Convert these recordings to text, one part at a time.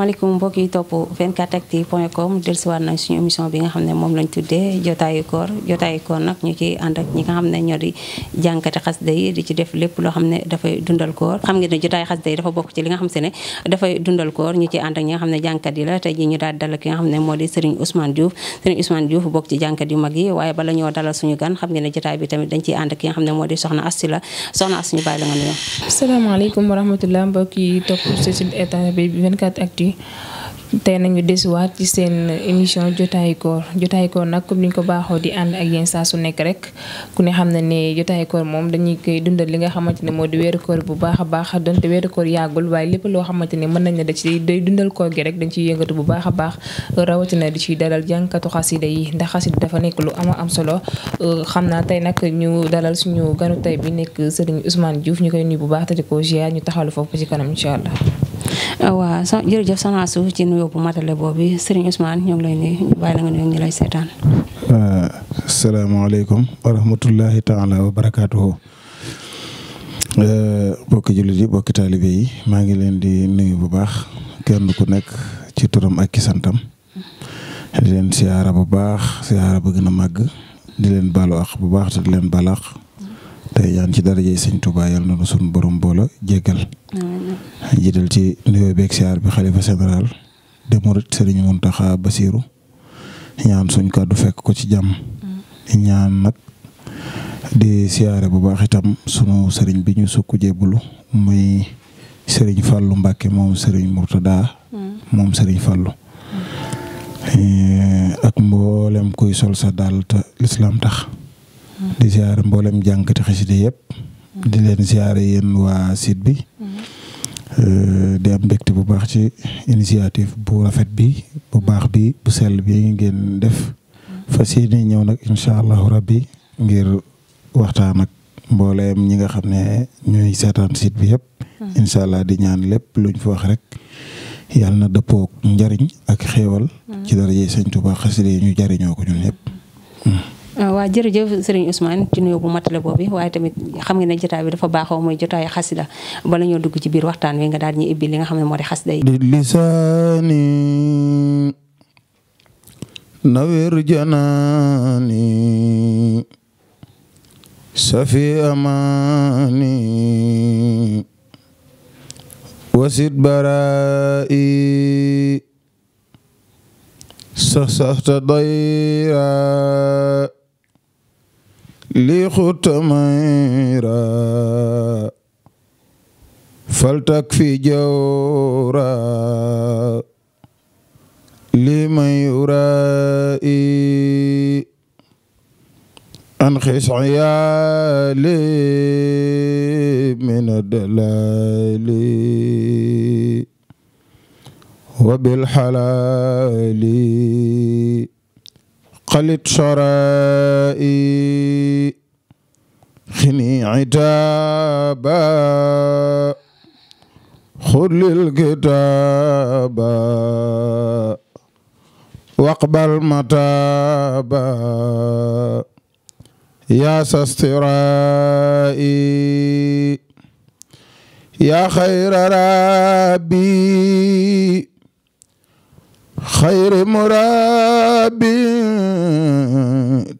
maaleykum mbokk yi topp 24actu point com dellusiwaat nañ suñu émission bi nga xam ne moom lañ tuddee jotaayu koor koor nag ñu ci ànd ak ñi ci loo xam ne dafay dundal koor xam ngeen ne jotaayu xasida yi dafa bokk ci li ne dafay ànd ak ñi nga xam ne jànkat yi la tey ji ñu daal dalal ki nga xam ne moo di Serigne Ousmane Diouf Serigne Ousmane Diouf bokk ci jànkat yu mag yi waaye bala ñoo dalal suñu gan xam ne jotaay bi tamit dañ ciy ànd ki nga xam ne moo di soxna Assi la soxna Assi ñu bàyyi la nga nuyoo asalaamaaleykum actu tey nañu desuwaat ci seen émission jotaayu koor jotaayu koor nag comme ni ñu ko baaxoo di ànd ak yéen saa su nekk rek ku ne xam na ne jotaayu koor moom dañuy koy dundal li nga xamante ne moo di weeru koor bu baax a baax donte weeru koor yàggul waaye lépp loo xamante ne mën nañ ne da ci day dundal koor gi rek dañ ciy yëngatu bu baax a baax rawatina di ciy dalal jànkatu xasida yi ndax xasida dafa nekk lu ama am solo xam naa tey nag ñu dalal suñu ganu tey bi nekk sëriñ Ousmane Diouf ñu koy nuyu bu baax te di ko ziar ñu taxalu foofu ci kanam incha Euh, waa so jërëjëf soxna Astou ci nuyoo bu matale boobu Serigne Ousmane ñoo ngi lay nuyu bàyyi la nga nuyu ñu lay seetaan. Euh, salaamaaleykum wa rahmatullahi taala wa barakaatuhu. Euh, bokki jullit yi bokki taalibe yi maa ngi leen di nuyu bu baax kenn ku nekk ci turam ak ci santam. di leen siyaara bu baax siyaara bu gën màgg di leen baalu àq bu baax te di leen balaax tey eh, ñaan ci darajey sëñ Touba yàlla na nu suñu borom boola jéggal jiital ci nuyoo beeg siyaar bi xalifa général de Mouride Serigne taxa basiiru ñaan suñ kàddu fekk ko ci jàmm mm. ñaan nag di siyaare bu baax itam sunu sëriñ bi ñu sukk jébbalu muy sëriñ Fallou Mbacke moom sëriñ Mourtada mm. moom sëriñ Fallou mm. eh, ak mboolem koy sol sa daal te lislaam tax di ziare mboolem jànkati xasida yëpp. di leen ziare yéen waa site bi. Euh, di am mbégte bu baax ci initiative bu rafet bi bu baax bi bu sel bi ngeen def. fas yéene ñëw nag incha allahu rabbi ngir waxtaan ak mbooleem ñi nga xam ne ñooy seetaan site bi yëpp. Hmm. incha allah di ñaan lépp luñ fa wax rek. yàlla na dëppoo njariñ ak xéewal hmm. ci dara yi sëñ Tuubaa xasida yi ñu jariñoo ko ñun ñëpp. Hmm. Ah, waaw jërëjëf sëriñ Ousmane ci nuyoo bu matale boobu waaye tamit xam nga ne jotaay bi dafa baaxoo mooy jotaayu xasida bala ñoo dugg ci biir waxtaan wi nga daal ñu ibbi li nga xam ne moo di xasida yi lisaani nawir janaani safi amaani wasit baraa'i saxsaxta dayra lii xuttamayra faltak fi jawra lii mayuraa'i an xis ciyaali min adalaali wa bilxalaali xalit sorai xini itaaba xulil kitaaba waqbal mataaba yaa sastirai yaa xayra rabbi xayri murabbi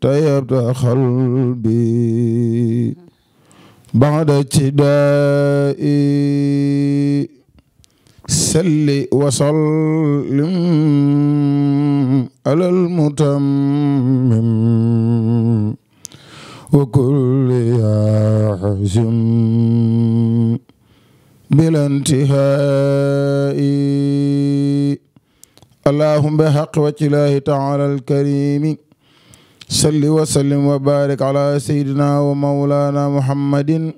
tayabta xalbi ba'da tidaa'i salli wa sallim alal mutammim wa kulli yaazim bil intihaa'i allahumma xaq wacilaahi taala alkarimi salli wa sallim wa barik ala sayidina wa maulana muhammadin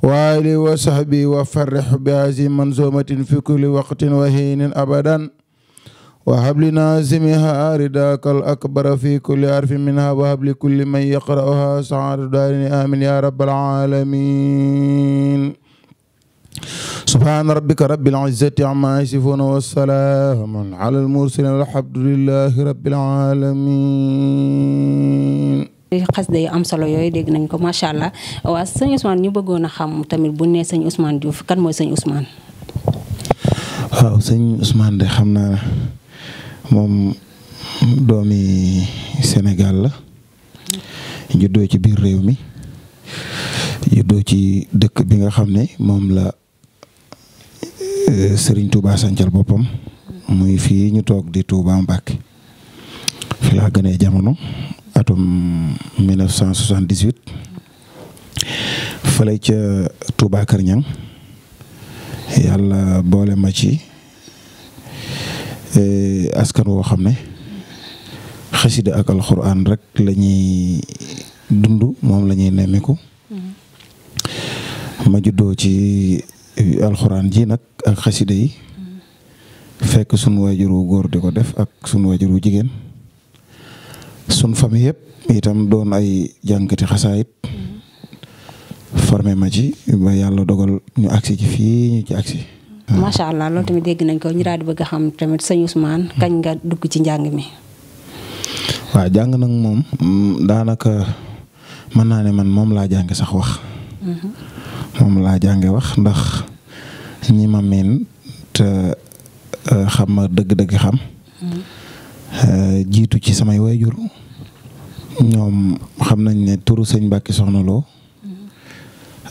wa alihi wa sahbi wa farrix bi hasi manzumatin fi kulli waqtin wa hiinin abadan wa habli nazimiha ridaka al akbara fi kulli arfin minha wa habli kulli man yaqra'uha saadatu daarini amin ya rabbal alamin subhaana rabbika rabbil izzati ammaa yasifuun wa salaamun alal mursaliin walhamdulillaahi rabbil aalamiin xasida yu am solo yooyu dégg nañ ko macha allah waa sëñ Ousmane ñu bëggoon a xam tamit bu nee sëñ Ousmane Diouf kan mooy sëñ Ousmane. waaw sëñ Ousmane de xam naa moom doomi Sénégal la juddoo ci biir réew mi juddoo ci dëkk bi nga xam ne moom la. Eh, seriñ Touba sancal boppam muy fii ñu toog di Touba Mbacké fi laa gënee jamono atum 1978 fële ca Touba Ñang yàlla boole ma ci eh, askan woo xam ne xasida ak alxuraan rek la ñuy dund moom la ñuy nemmiku mm-hmm. ma alxuraan ji nag ak xasida yi fekk sunu waajuru góor di ko def ak sunu waajuru jigéen sun famille yëpp itam doon ay jànkati xasaayit formé ma ci ba yàlla dogal ñu agsi ci fii ñu ci agsi macha allah loolu tamit dégg nañ ko ñu daal di bëgg a xam tamit sëñ Ousmane kañ nga dugg ci njàng mi. waaw jàng nag moom daanaka mën naa ne man moom laa jànge sax wax. Mm-hmm. moom laa jànge wax ndax ñi ma miin te euh, xam ma dëgg-dëgg xam. Euh, jiitu ci samay waajur ñoom xam nañ ne turu sëñ Mbàkke Soxna Lo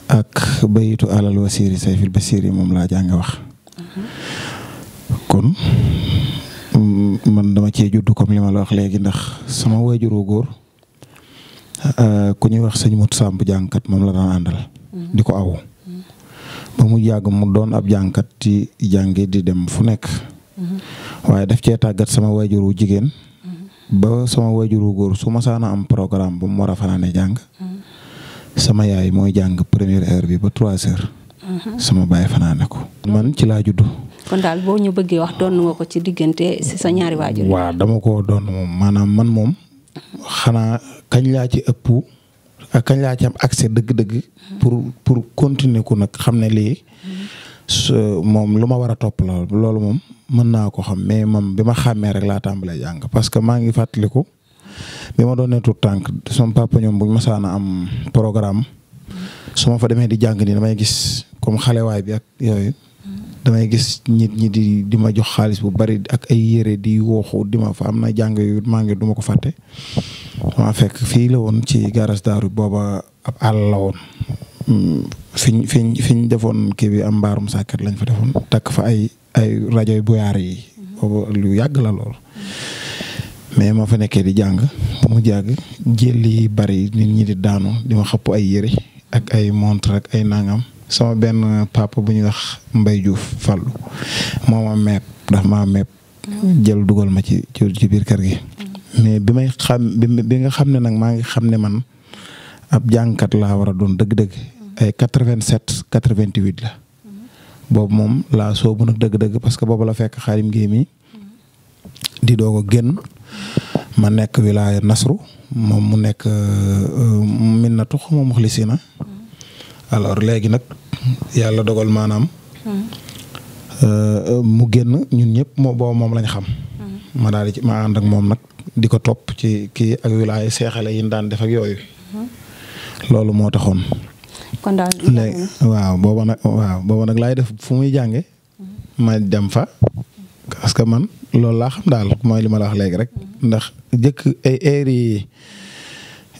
ak bayitu alal wasiri sayfil basiri moom laa jàng wax kon man dama cee juddu comme li ma la wax léegi ndax sama waajuru góor euh, ku ñuy wax sëñ Mut Samb jàngkat moom la daan àndal di ko aw ba mu yàgg mu doon ab jànkat ci jàngi di dem fu nekk mm-hmm. waaye daf cee tàggat sama wajuru jigéen mm-hmm. ba sama wajuru góor su ma saana am programme bu mu war a fanaane jàng mm-hmm. sama yaay mooy jàng première heure bi ba trois heures sama baay fanaane ko man ci laa juddu kon daal boo ñu bëggee wax doon nga ko ci diggante si sa ñaari waajur waaw dama ko doon moom maanaam man moom xanaa kañ laa ci ëpp Euh, kañ laa ci am accès dëgg-dëgg. pour pour continuer ku nag xam ne lii. moom lu ma war a topp la loolu moom mën naa ko xam mais mam bi ma xàmmee rek laa tàmbalee jàng parce que maa ngi fàttaliku bi ma doon ne tout tànk sama papa ñoom buñ masaan a am programme su ma fa demee di jàng nii damay gis comme xalewaay bi ak yooyu damay gis nit ñi di di ma jox xaalis bu bari ak ay yére di wooxu di ma fa am na jàng yu maa ngi du ko fàtte. ma fekk fii la woon ci garas daaru booba ab àll la woon mm, fiñ fiñ fiñ defoon kii bi am mbaarum sàkkat lañ fa defoon takk fa ay ay rajo buyaar yi. booba lu yàgg la lool. mais ma fa nekkee di jàng ba mu jàng jël bari nit ñi di daanu di ma xëpp ay yére ak ay montre ak ay nangam. sama benn papa bu ñuy wax Mbaye Diouf Fallou moo ma meeb ndax maa meeb jël dugal ma ci ci biir kër gi. mais bi may xam bi nga xam ne nag maa ngi xam ne man ab jàngkat laa war a doon dëgg-dëgg. ay 87 88 la. boobu moom laa soobu nag dëgg-dëgg parce que boobu la fekk xaarim géey mi di doog a génn ma nekk wilaaya Nasru moom mu nekk euh, Minnatu xaw ma Muxlisina alors léegi nag yàlla dogal maanaam. Hmm. Euh, mu génn ñun ñëpp moo boobu moom lañ xam. Hmm. ma daal di ci ma ànd moom nag di ko topp ci kii ak wilaay seexale yi ñu daan def ak yooyu. Hmm. loolu moo taxoon. kon daal waaw booba nag waaw laay def fu muy jànge ma dem fa. parce que man loolu laa xam daal mooy li ma la wax léegi rek. ndax jëkk ay heures yi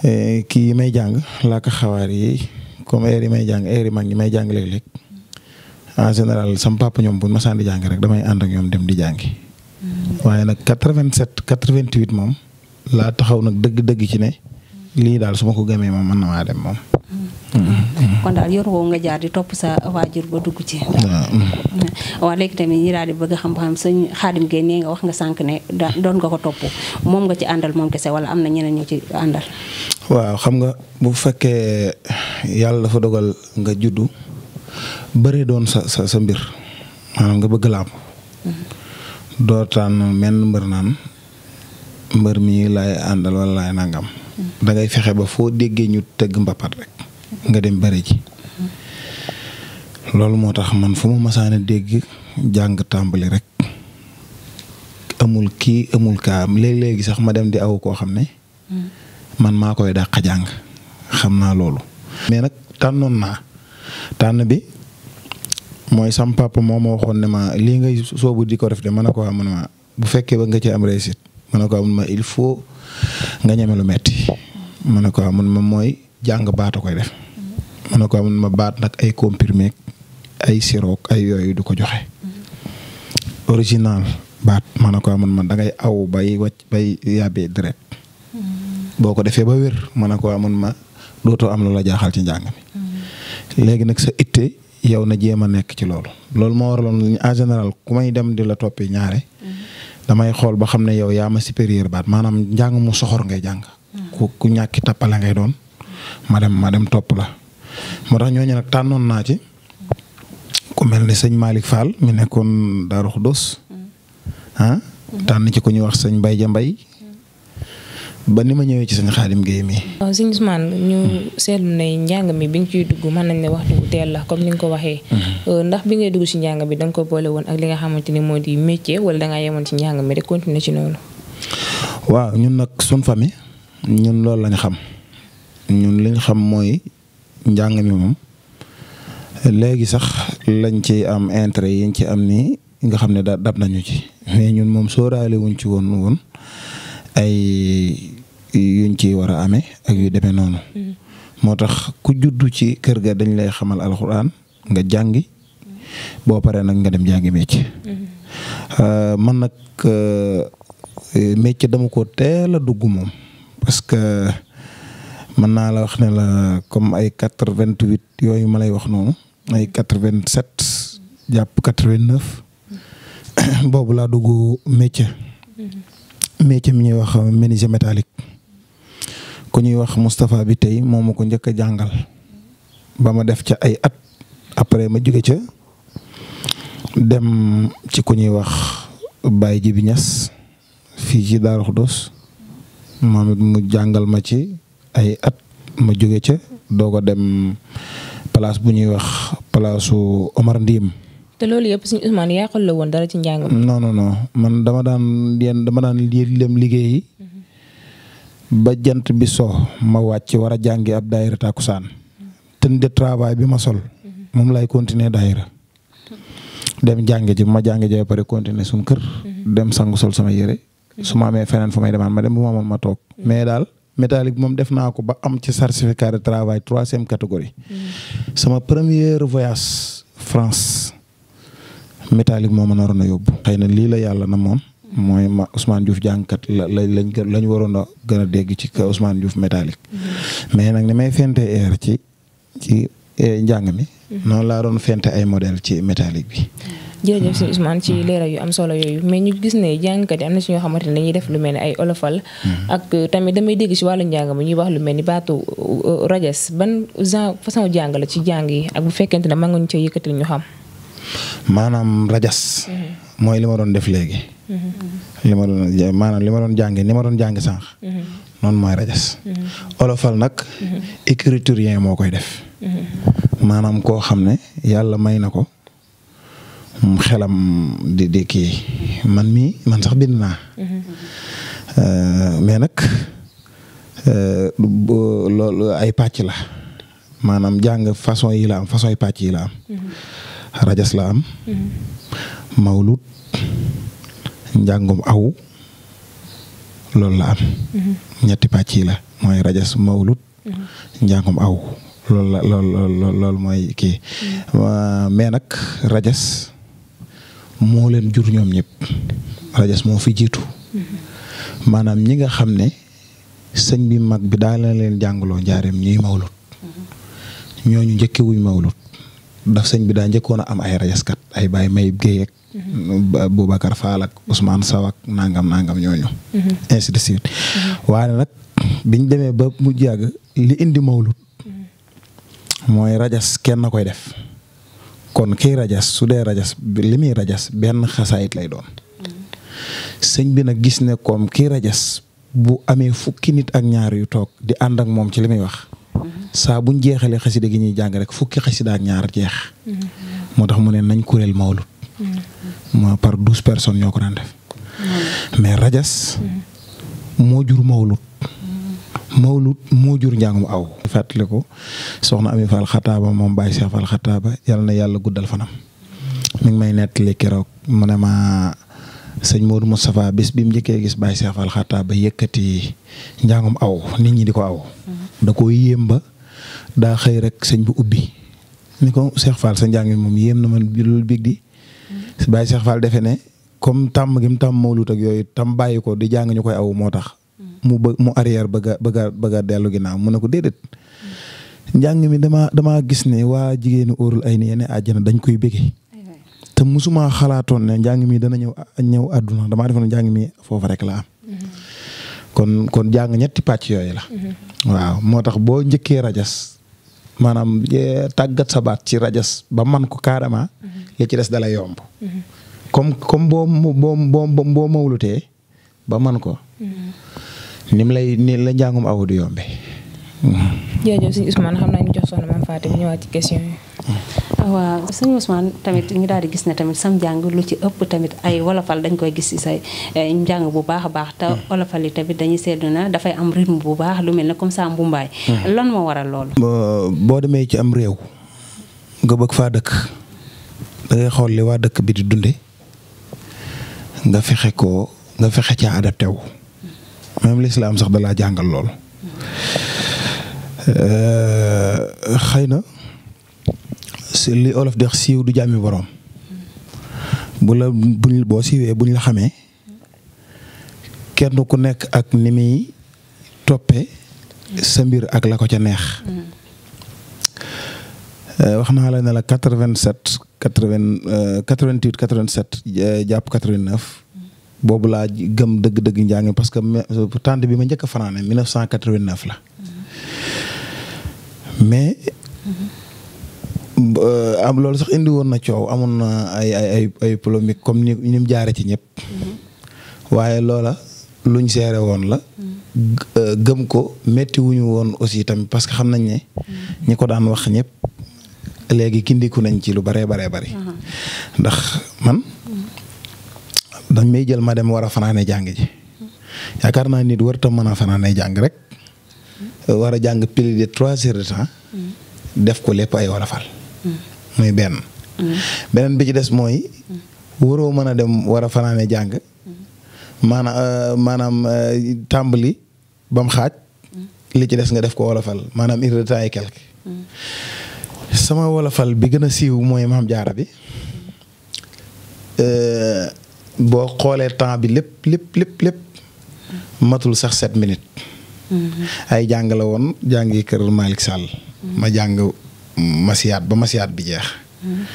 eh, kii yi may jàng laa xawaar yi comme heure yi may jàng heure yi mag ñi may jàng léeg-léeg en général sam papa ñoom bu ma saan di jàng rek damay ànd ak ñoom dem di jàngi. waaye nag 87 88 moom laa taxaw nag dëgg-dëgg ci ne lii daal su ma ko gëmee moom mën na maa dem moom. kon daal yoon woowu nga jaar di topp sa waajur ba dugg ci. waaw waaw tamit ñi di bëgg a xam ba xam sëñ Xaadim Gueye nee nga wax nga sànq ne doon nga ko topp moom nga ci àndal moom kese wala am yàlla dafa dogal nga juddu bëri doon sa sa sa mbir maanaam nga bëgg làmb mm-hmm. doo tànn menn mbër naan mbër mi laay àndal wala laay nangam. Mm-hmm. dangay fexe ba foo déggee ñu tëgg mbapat rek. Mm-hmm. nga dem bëri ji. loolu moo tax man fu ma masaane dégg jàng tàmbali rek amul kii amul kaam léeg-léegi sax ma dem di aw koo xam ne. man maa koy dàq jàng xam naa loolu. mais nag tànnoon naa tànn bi mooy sam papa moo ma waxoon ne ma lii ngay soobu di ko def de mën na ko am ma bu fekkee ba nga ci am réussite mën na ko am ma il faut nga ñeme lu metti mën na ko am ma mooy jàng baat koy def. mën na ko am ma baat nag ay comprimé ay siroog ay yooyu du ko joxe. original baat mën na ko am ma dangay aw bay wacc bay yàbbee direct mm-hmm. boo ko defee ba wér mën na ko am ma dootoo am loola jaaxal ci njàng mi. léegi nag sa itte yow na jéem a nekk ci loolu loolu moo waraloon en général ku may dem di la toppi ñaare. damay xool ba xam ne yow yaa ma supérieur baat maanaam njàng mu soxor ngay jàng. ku ku ñàkki tappale ngay doon. ma dem topp la. moo tax ñooñu nag tànnoon naa ci. ku mel ne sëñ Malick Fall mi nekkoon Darou dos ah tànn ci ku ñuy wax sëñ mbay ja mbay ba ni ma ñëwee ci sëñ Xaadim Guèye mi. waaw sëñ Ousmane ñu seetlu ne njàng mi bi nga ciy dugg mën nañ ne wax bu teel la comme ni nga ko waxee. Mhm. Euh, ndax bi ngay dugg ci njàng bi da nga ko boole woon ak li nga xamante ni moo di métier wala da ngaa yemoon ci njàng mi rek ñun nag suñ famille ñun loolu lañ xam ñun liñ xam mooy njàng mi moom léegi sax lañ ci am intérêt yiñ ci am nii nga xam ne daal dab nañu ci mais ñun moom sóoraale wuñ ci woon woon ay yuñ ci war a amee ak yu demee noonu. Mm-hmm. moo tax ku juddu ci kër ga dañ lay xamal alxuraan nga jàngi boo paree nag nga dem jàngi métier. Mm-hmm. Euh, man nag euh, euh, métier dama ko teel a dugg moom parce que mën naa la wax ne la comme ay quatre vingt huit yooyu ma lay wax noonu ay quatre jàpp quatre vingt neuf boobu laa dugg métier. Mm-hmm. métier mi ñuy wax menuisier métallique. ku ñuy wax Moustapha bi tey moom ma ko njëkk jàngal ba ma def ca ay at après ma jóge ca dem ci ku ñuy wax Baye Jibi Ñas fii ci Daaru Xudoos moom mu jàngal ma ci ay at ma jóge ca doog a dem place bu ñuy wax place su Omar Ndiim. te loolu yëpp suñu Ousmane yàqul la woon dara ci njàngam. non non non man dama daan yéen dama daan liggéey mhm. ba jant bi soo ma wàcc war a jàngi ab daayira tàkkusaan tenue de travail bi ma sol moom lay continuer daayira dem jàngi ji ma jàngi ji ba pare continuer suñu kër dem sangu sol sama yére su ma amee feneen fu may demaan ma dem bu ma amoon ma toog mais daal métallique moom def naa ko ba am ci certificat de travail troisième catégorie sama premier voyage France métallique moo ma naroon a yóbbu xëy na lii la yàlla na moon mooy ma Ousmane Diouf jàngkat la lañ lañ waroon gën a dégg ci ka Ousmane Diouf métallique. Mm-hmm. mais nag ni may fente air ci ci eh, njàng mi. Mm-hmm. noonu laa doon fente ay modèle ci métallique bi. jërëjëf si mm-hmm. Ousmane ci leeral yu am solo yooyu mais ñu gis ne jàngkat yi am na si ñoo xamante ne dañuy def lu mel ni ay olofal. ak eh, tamit damay dégg si wàllu njàng mi ñuy wax lu mel ni baatu eh, rajas ban genre façon ci jàng yi ak bu fekkente ne mën nga ñu cee yëkkati ñu xam. maanaam rajas. mooy li doon def léegi. li ma doon maanaam li ma doon jàngi ma doon olofal nag. écriturien moo koy def. maanaam koo xam ne yàlla may na ko xelam di di kii man mii man sax bind naa. Euh, mais nag euh, ay pàcc la maanaam jàng façon yi la am façon yi la am. rajas la am. mawlud. njàngum aw loolu la am. Mm-hmm. ñetti pàcc yi la mooy rajas mawlud. Mm-hmm. njàngum aw loolu la loolu loolu mooy kii. Mm-hmm. mais nag rajas moo leen jur ñoom ñëpp rajas moo fi jiitu. maanaam ñi nga xam ne sëñ bi mag bi daal leen jàngaloo njaareem ñuy mawlud. ñooñu njëkkewuñ mawlud daf sëñ bi daa njëkkoon a am ay rajaskat ay Baye Mayib Guèye Boubacar Fall ak Ousmane Sow ak nangam nangam ñooñu. Mhm. ainsi de suite. Mhm. waaye nag biñ demee ba mu jàgg li indi mawlud mhm. mooy rajas kenn koy def kon kii rajas su dee rajas li muy rajas benn xasaayit lay doon. sëñ bi nag gis ne comme kii rajas bu amee fukki nit ak ñaar yu toog di ànd ak moom ci li muy wax. saa buñ jeexalee xasida gi ñuy jàng rek fukki xasida ak ñaar jeex. moo tax mu ne nañ kuréel mawlud ma par douze personnes ñoo ko daan def. mais rajas. moo jur mawlut. mawlut moo jur njàngum aw. fàttali ko soxna Ami Fall xataaba moom Baye Cheikh Fall xataaba yal na yàlla guddal fanam. mi ngi may nettali keroog mu ne ma sëñ Modou Moustapha bis bi mu njëkkee gis Baye Cheikh Fall xataaba yëkkati njàngum aw nit ñi di ko aw. da koo yéem daa xëy rek sëñ bu ubbi. ni ko Cheikh Fall sa njàng moom yéem na man bi loolu di. Baye Cheikh Fall defe ne comme tàmm gi tam tàmm mawlut ak yooyu tam bàyyi ko di jàng ñu koy aw moo tax. Mm. mu mu arrière bëgg a bëgg a bëgg a dellu mu ne ko déedéet. Mm. njàng mi dama damaa gis ne waa jigéenu óorul ay ni yenn àjjana dañ koy bëggee. te musuma xalaatoon ne njàng mi dana ñëw ñëw àdduna damaa defoon njàng mi foofu rek la am. Mm-hmm. kon kon ñetti pàcc yooyu la. Mm-hmm. waaw moo tax boo njëkkee rajas maanaam tàggat sa baat ci rajas ba man ko carrément. li mhm. ci des dala lay yomb. Mhm. comme comme boo boo boo boo mawlutee ba man ko. Mhm. nim lay ni la njàngum aw du soxna Mame ñëwaat ci question yi. Ah, waaw sëñ Ousmane tamit ñu daal di gis ne tamit sam njàng lu ci ëpp tamit ay wolofal dañ koy gis ci say eh, njàng bu baax a baax te hmm. wolofal yi tamit dañuy sedd na dafay am rythme bu baax lu mel ne comme ça mbumbaay hmm. lan moo waral loolu. boo demee ci am réew nga bëgg faa dëkk da xool li waa dëkk bi di dunde nga fexe ko nga fexe caa adapté wu. même l'islam sax da laa jàngal lool. Euh, xëy na si li olof dex siiw du jàmmi boroom bu la boo siiwee buñ la xamee kenn ku nekk ak ni muy toppee sa mbir ak la ko ca neex. Euh, wax naa la ne la quatre vingt sept quatre vingt euh, jàpp quatre boobu laa gëm dëgg-dëgg njàng parce que tant bi ma njëkk a fanaane mille neuf cent quatre la. mais euh, am loolu sax indi woon na coow amoon na ay ay ay ay comme ni ni mu jaare ci ñëpp. waaye loola luñ seere woon la. Euh, gëm ko métti woon aussi tamit parce que xam nañ ne. ñi ko daan wax ñëpp léegi kindiku nañ ci lu baree baree bari. ndax man dañ may jël ma dem war a fanaane jàng ji yaakaar naa nit warta mën a fanaane jàng rek. war a jàng pili de trois heures de temps. def ko lépp ay wolofal. muy benn. beneen bi ci des mooy. waroo mën a dem war a fanaane jàng. Euh, maanaam maanaam euh, tàmbali ba mu xaaj. li ci des nga def ko wolofal maanaam une heure de temps et quelque. sama wolofal bi gën a siiw mooy maam jaara bi. Euh, boo xoolee temps bi lépp lépp lépp lépp. matul sax sept minutes. Mm-hmm. ay jàng la woon jàngi kër Malick Sall. Mm-hmm. ma jàng masiyaat ba masiyaat bi jeex. Mm-hmm.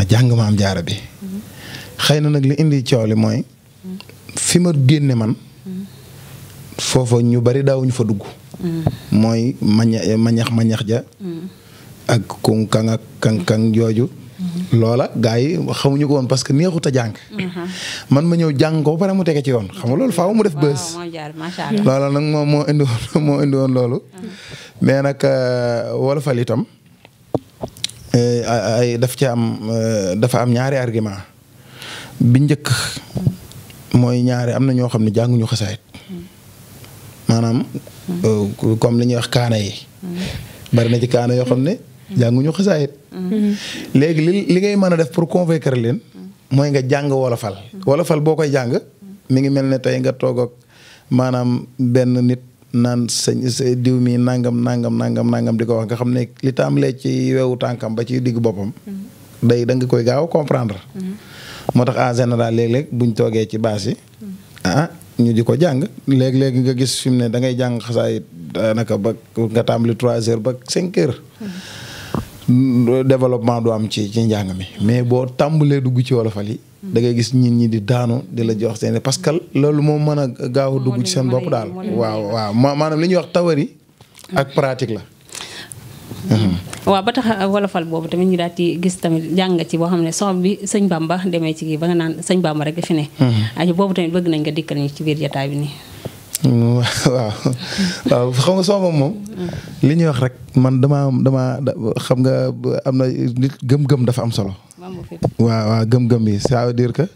ma jàng ma am jaara bi. xëy na nag lu indi coow li mooy. fi ma génne man. foofa ñu bari daawuñ fa dugg. mooy maña mañax ja. ak kun kaŋ ak kaŋ jooju. loola gars yi xamuñu ko woon parce que neexut a jàng. Mm-hmm. man ma ñëw jàng ko ba pare mu tege ci yoon xam nga loolu faaw mu def bës. loola nag moom moo indi moo indi woon loolu. Mm-hmm. mais nag euh, wolofal itam euh, ay daf ci am euh, dafa am ñaari argument bi njëkk mooy ñaari am na ñoo xam ne jànguñu xasaayit mm-hmm. maanaam comme li wax kaana yi bari na ci kaana yoo xam ne. jànguñu xasaayit mm-hmm. léegi li li ngay mën a def pour convaincre leen mooy nga jàng wolofal mm-hmm. wolofal boo koy jàng mm-hmm. mi ngi mel ne tey nga toog ak maanaam benn nit naan sa diw mii nangam nangam nangam nangam di ko wax nga xam ne li tàmbalee ci wewu tànkam ba ci diggu boppam day da nga koy gaaw a comprendre moo tax en général léeg-léeg buñ toogee ci baas yi ah ñu di ko jàng léeg-léeg nga gis fi ne da ngay jàng xasaayit daanaka ba nga tàmbali trois heures ba cinq développement du am ci ci njàng mi mais boo tàmbalee dugg ci wolofal yi da ngay gis nit ñi di daanu di la jox seen parce que loolu moo mën a gaaw a dugg ci seen bopp daal waaw waaw maanaam li ñuy wax tawari ak pratique la hmm. waaw ba tax wolofal boobu tamit ñu daal di gis tamit jàng ci boo xam ne soxam bi sëñ Bamba demee ci kii ba naan sëñ Bamba rek hmm. boobu tamit bëgg nañ nga dikkal ñu ci biir jotaay bi nii waaw waaw xam nga soo moom moom. li ñuy wax rek man dama damaa xam nga am na nit gëm-gëm dafa am solo. waaw waaw gëm-gëm yi ça veut dire que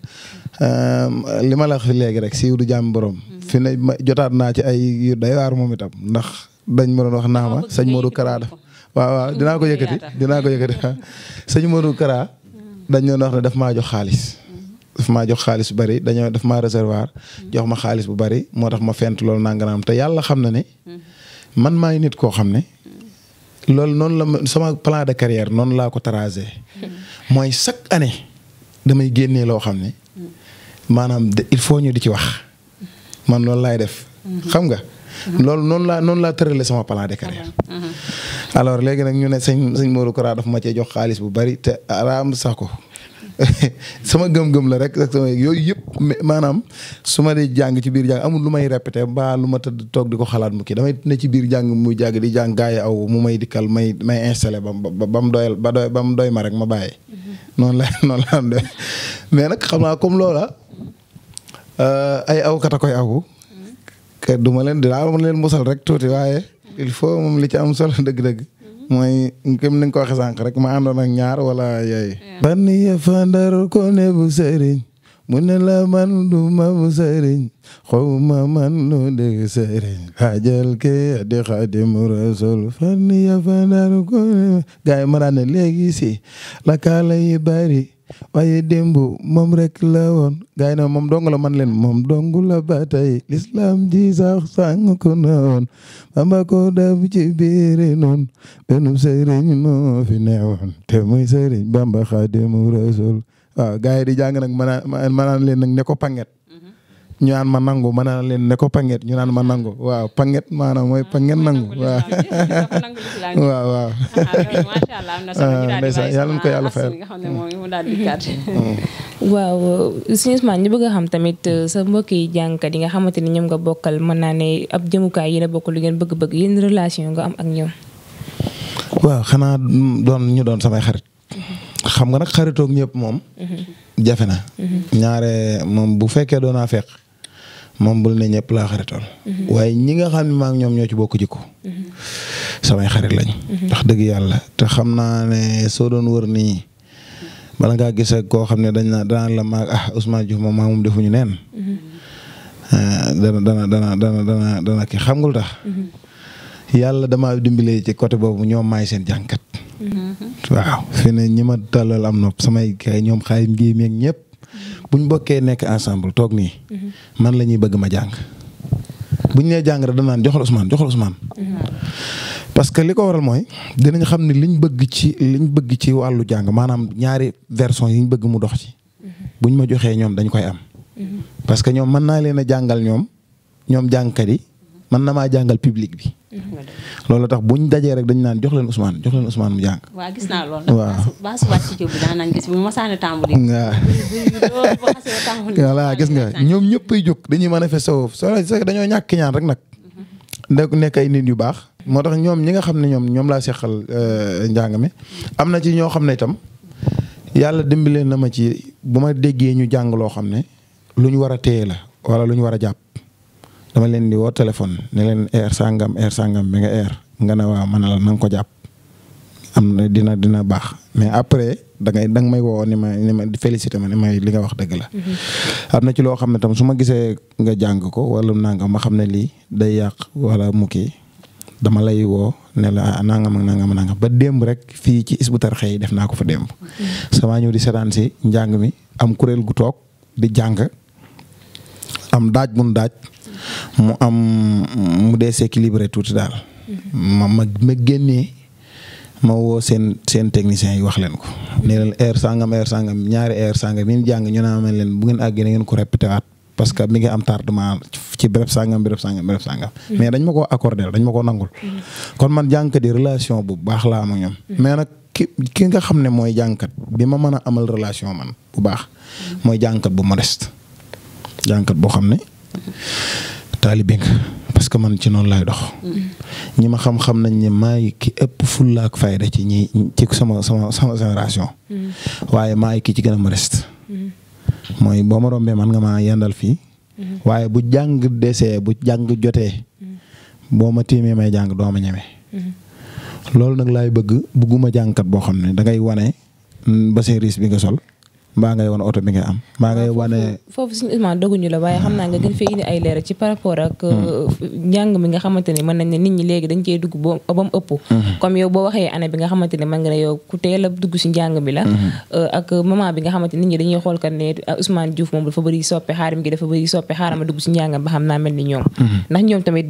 euh, li ma la léegi rek siiw du jàmm borom. Mm-hmm. fi ne ma jotaat naa ci ay yu day waar moom itam ndax dañ ma doon wax naa ma sëñ Modou Kara daf waaw waaw dinaa ko yëkkati dinaa ko yëkkati sëñ Modou Kara mm. dañ doon wax ne daf maa jox xaalis. daf maa jox xaalis bu bari dañoo daf maa réservoir mm-hmm. jox ma xaalis bu bari moo tax ma fent loolu nanganaam te yàlla xam na ne mm-hmm. man maay nit koo xam ne mm-hmm. loolu noonu la sama plan de carrière noonu laa ko tracé mooy chaque année damay génnee loo xam ne maanaam de il faut ñu di ci wax man loolu laay def xam nga loolu noonu laa noonu laa tërale sama plan de carrière alors léegi nag ñu ne sëñ sëñ Modou Kara daf ma cee jox xaalis bu bari te araam sax ko sama gëm-gëm la rek ak sama yooyu yëpp maanaam su ma dee jàng ci biir jàng amul lu may répété mbaa lu ma tëdd toog di ko xalaat mu kii damay ne ci biir jàng muy jàng di jàng gaay aw mu may dikkal may may installé ba ba mu doyal ba doy ba doy ma rek ma bàyyi. Mm-hmm. noonu la noonu la am de mais nag xam naa comme loola euh, ay aw koy awu. que du ma leen dinaa ma leen musal rek tuuti waaye il faut moom li ci am solo dëgg-dëgg. mooy comme ni nga ko waxee sànq rek ma àndoon ak ñaar wala yooyu. ban ko ne bu sëriñ mu ne la man du ma bu sëriñ xaw ma man lu dégg sëriñ xaajal ke di xaadim rasul fan yëfandar ko ne. gars yi ne léegi si la kaala yi bari. waaye démb moom rekk la woon gars yi moom dong la man leen moom dong la ba tey lislaam ji sax sàng ko na woon bamba ko daf ci biiri noon benn sëriñ moo fi neewoon te muy sëriñ bamba xaadimu rasul waaw gars yi di jàng nag manaa manaan leen nag ne ko panget ñu naan ma nangu ma naan leen ne ko ñu naan ma nangu waaw panget maanaam mooy panget nangu waaw. waaw waaw. na solo ah, yàlla na ko yàlla fayal nga xam ne mooy mu daal di kàtt. Mm. waaw suñu ñu bëgg a xam tamit euh, sa mbokk yi jàngkat yi nga xamante ni ñoom nga bokkal mën naa ne ab jëmukaay yéen a bokk lu ngeen bëgg-bëgg yéen relation nga am ak ñoom. waaw xanaa doon ñu doon samay xarit. Mm-hmm. xam nga nag xaritoog ñëpp moom. Mm-hmm. jafe na. Mm-hmm. ñaare moom bu fekkee doon fekk. moom bul ne ñëpp laa xaritoon. Mhm. waaye ñi nga xam ne maa ñoom ñoo ci bokk jikko. Mhm. samay xarit lañ. Mhm. ndax dëgg yàlla te xam naa ne soo doon wër nii bala ngaa gis koo xam ne dañ na daan la maag ah Ousmane Diouf moom maa moom defuñu neen. Eh, dana dana xam ngul tax. yàlla damaa dimbale ci côté boobu ñoom maay seen jànkat. waaw fi ne ñi ma tàllal am nopp samay kay ñoom xaayim géey meeg bu buñ bokkee nekk ensemble toog nii. Mm-hmm. man la ñuy bëgg ma jàng. buñ nee jàng rek danaan joxal Ousmane joxal Ousmane. Mm-hmm. parce que li ko waral mooy dinañ xam ne liñ bëgg ci liñ bëgg ci wàllu jàng maanaam ñaari version yiñ bëgg mu dox ci. Mm-hmm. bu ñu ma joxee ñoom dañ koy am. parce que ñoom mën naa leen a jàngal ñoom ñoom jàngkat yi man na maa jàngal public bi. loolu tax buñ dajee rek dañ naan jox leen Ousmane jox leen Ousmane mu jàng. waaw gis naa bi daan nañ gis bu gis nga ñoom ñëppay jóg dañuy manifester woo soo dañoo ñàkk ñaan rek nag. Mhm. nekk nekk ay nit yu baax. moo tax ñoom ñi nga xam ne ñoom ñoom laa seqal euh, njàng mi am na ci ñoo xam ne itam yàlla dimbalee na ma ci bu ma déggee ñu jàng loo xam ne lu ñu war a téye la wala lu ñu war a jàpp. dama leen di woo téléphone ne leen air sangam air sangam bi nga air nga ne waaw man la na nga ko jàpp am na dina dina baax mais après da ngay da may woo ni ma ni ma félicité ma ni li nga wax dëgg la. Mhm. am na ci loo xam ne tam su ma gisee nga jàng ko wala nangam ma xam ne lii day yàq wala mu kii dama lay woo ne la ah nangam ak nangam nangam ba démb rek fii ci Hizbut Tarqiyyah def naa ko fa démb. Mhm. sama ñëw di seetaan si njàng mi am kuréel gu toog di jàng am daaj mun daaj. mu am mu dee déséquilibré tuuti daal. ma ma ma génnee ma woo seen seen techniciens yi wax leen ko. ne leen heure sangam heure sangam ñaari heure sangam ni ñu jàng ñu naan ma leen bu ngeen àggee na ngeen ko répété waat parce que mi ngi am tardement ci béréb sangam béréb sangam béréb sangam. Mm-hmm. mais dañ ma ko accordé dañ ma ko nangul. Mm-hmm. kon man jànkat yi relation bu baax laa am ñoom. Mm-hmm. mais nag ki nga xam ne mooy jànkat bi ma mën a amal relation man bu baax. mooy jànkat bu modeste. jànkat boo xam ne taalibe nga parce que man ci noonu lay dox. ñi ma xam-xam nañ ne maay ki ëpp fulla ak fayda ci ñi ci sama sama sama génération. waaye maay ki ci gën a modeste. mooy boo ma rombee man nga maa yendal fii. waaye bu jàng desee bu jàng jotee. boo ma tiimee may jàng doo ma ñeme. loolu nag laay bëgg bëgguma jàngkat boo xam ne dangay ngay wane mm, ba service bi nga sol. mbaa ngay wane oto bi nga am mbaa la waaye xam naa nga gën fee indi ay leeral ci par rapport hmm. euh, mi nga xamante ne mën nañ ne nit ñi léegi dañ cee dugg ba ba mu ëpp. Hmm. comme yow boo waxee année bi nga xamante ne mën nga ku teel a dugg njàng bi la. Hmm. Euh, ak moment bi nga xamante nit ñi dañuy xool kan ne euh, Ousmane Diouf moom dafa bëri soppe xaarim gi dafa bëri soppe xaarama dugg si njàngam ba xam naa mel ni ñoom. ndax ñoom tamit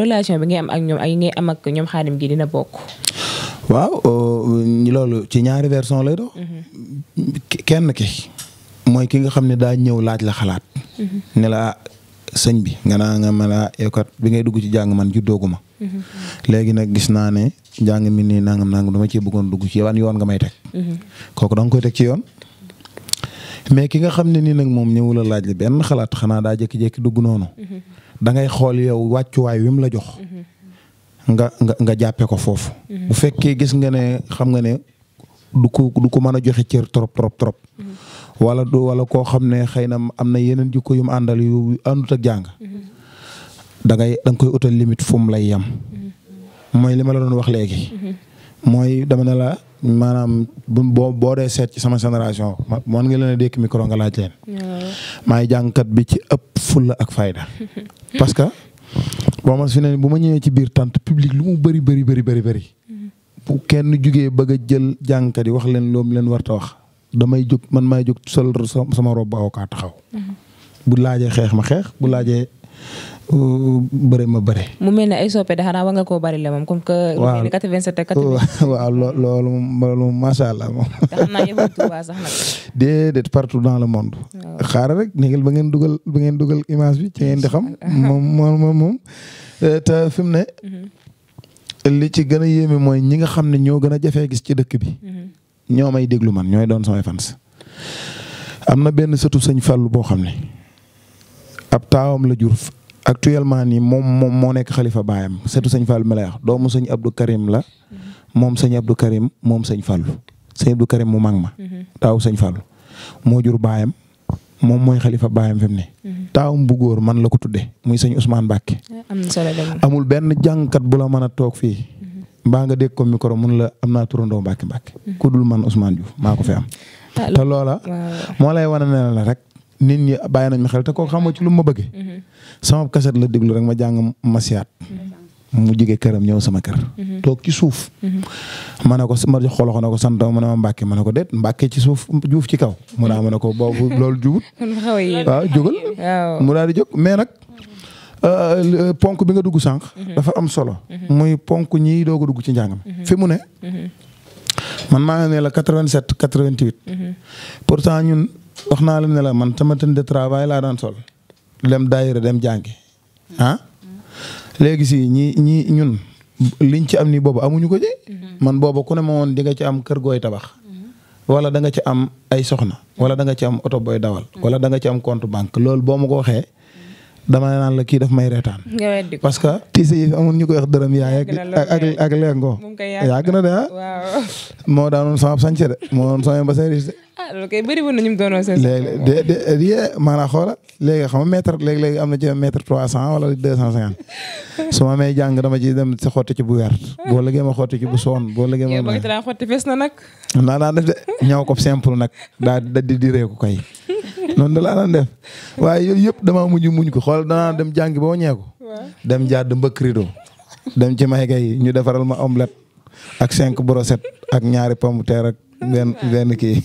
relation bi ngay am ak ñoom ay ngay am ak ñoom xaarim gi dina bokk. waaw loolu ci ñaari version lay dox kenn ki mooy ki nga xam ne daa ñëw laaj la xalaat. ne la ah, sëñ bi nga naa nga ma laa yokkat bi ngay dugg ci jàng man juddoogu ma. léegi nag gis naa ne jàng mi ni nangam nangam dama cee bëggoon dugg ci wan yoon nga may teg. kooku da nga koy ci yoon. mais ki nga xam ne nii nag moom ñëwul a laaj li benn xalaat xanaa daa jekki jékki dugg noonu. da ngay xool yow wàccuwaay wi mu la jox. nga nga ko foofu. Mhm. bu fekkee gis nga ne xam nga ne du ko du ko mën a joxe cër trop trop trop. wala du wala koo xam ne xëy na am na yeneen jikko yu mu àndal yu àndut ak jàng. Mm-hmm. da ngay da nga koy utal limite fu lay yem. Mm-hmm. mooy li ma la doon wax léegi. Mm-hmm. mooy dama la maanaam boo boo dee seet ci sama génération man nga leen a dékk micro nga bi ci ëpp fulla ak fayda. parce que boo ma su ne bu ma ñëwee ci biir tante publique lu mu bëri bëri bu kenn jugee bëgg a jël jànkat yi wax leen loom leen warta wax damay jóg man maay jóg sol sama robe avocat taxaw. Mm-hmm. bu laajee xeex ma xeex bu laajee uh, bëre ma bëre. mu mel ne ay soppe da xanaa war nga koo bari la waaw loolu loolu macha allah moom. te xam naa yëngu Touba sax nag. déedéet partout dans le monde. xaaral rek négal ba ngeen dugal ba ngeen dugal image bi ci ngeen di xam. moom moom moom uh, te li ci gën a yéeme mooy ñi nga xam ne ñoo gën a jafee gis ci dëkk bi. Mhm. ñoo may déglu man ñooy doon samay fans. am na benn sëtu sëñ Fallou boo xam ne ab taawam la jur actuellement nii moom moom moo nekk xalifa baayam sëtu sëñ Fallou ma lay wax doomu sëñ Abdou Karim la mhm. moom sëñ Abdou Karim moom sëñ Fallou sëñ Abdou Karim mu mag ma mhm. taaw sëñ Fallou moo jur baayam moom mooy xalifa baayam fi mu ne. Mhm. taawam bu góor man la ko tudde muy sëñ Ousmane Mbacke. Eh, am na amul benn jàngkat bu la man a toog fii. Mhm. mbaa nga dégg ko micro mun la am na turandoo Mbacke Mbacke. Mhm. ku dul man Ousmane Diouf maa ko fi am. Ah, te loola moo lay wane ne la rek. nit ñi bàyyi nañ ma xel te koo xam ci lu ma bëggee. sama kaset la déglu rek ma jàng ma siyaat mu jóge këram ñëw sama kër. Mhm. toog ci suuf. Mhm. ma ne ko ma xooloo ko ne ma ne ma mbàkke ma ne ko déet mbàkke ci suuf juuf ci kaw mu ne ma ko boobu loolu jubut. Ah, waaw jógal mu daal di jóg mais nag. Euh, ponk bi nga dugg sànq. Mhm. dafa am solo. muy ponk ñi doog a dugg ci njàngam. fi mu ne. man maa ngi ne la 87 88. pourtant ñun wax naa la ne la man sama tenue de travail laa daan sol. dem daayira dem jàngi ah. léegi si ñi ñi ñun liñ ci am ni boobu amuñu ko ci. Mm-hmm. man boobu ku ne ma woon di nga ci am kër gooy tabax. Mm-hmm. wala da nga ci am ay soxna. wala danga ci am oto booy dawal. Mm-hmm. wala da nga ci am compte banque loolu boo ma ko waxee. dama naan la kii daf may reetaan. parce que tiise yi amoon ñu koy wax dërëm yaay ak ak ak lengoo. yàgg na de ah. waaw. moo daanoon sama sànce de moo doon sama bassin riche de. Ah, ñu mu doonoo de de yee maanaam xoola léegi xam nga mètre léegi am na ci mètre trois cent wala deux cent cinquante. su may jàng dama ci dem si xotti ci bu weer. boo lëggee ma xotti ci bu soon boo lëggee ma. yow bëgg naa xotti na nag. naa daan def de ñëw ko simple nag daa di direeku kay. noonu da laa daan def waaye yooyu yëpp damaa mujj muñ ko xool danaa dem jàngi ba waññeeku dem jàdd mbëkk rido dem ci may gay ñu defaral ma omelette ak cinq brochettes ak ñaari pomme de terre ak benn kii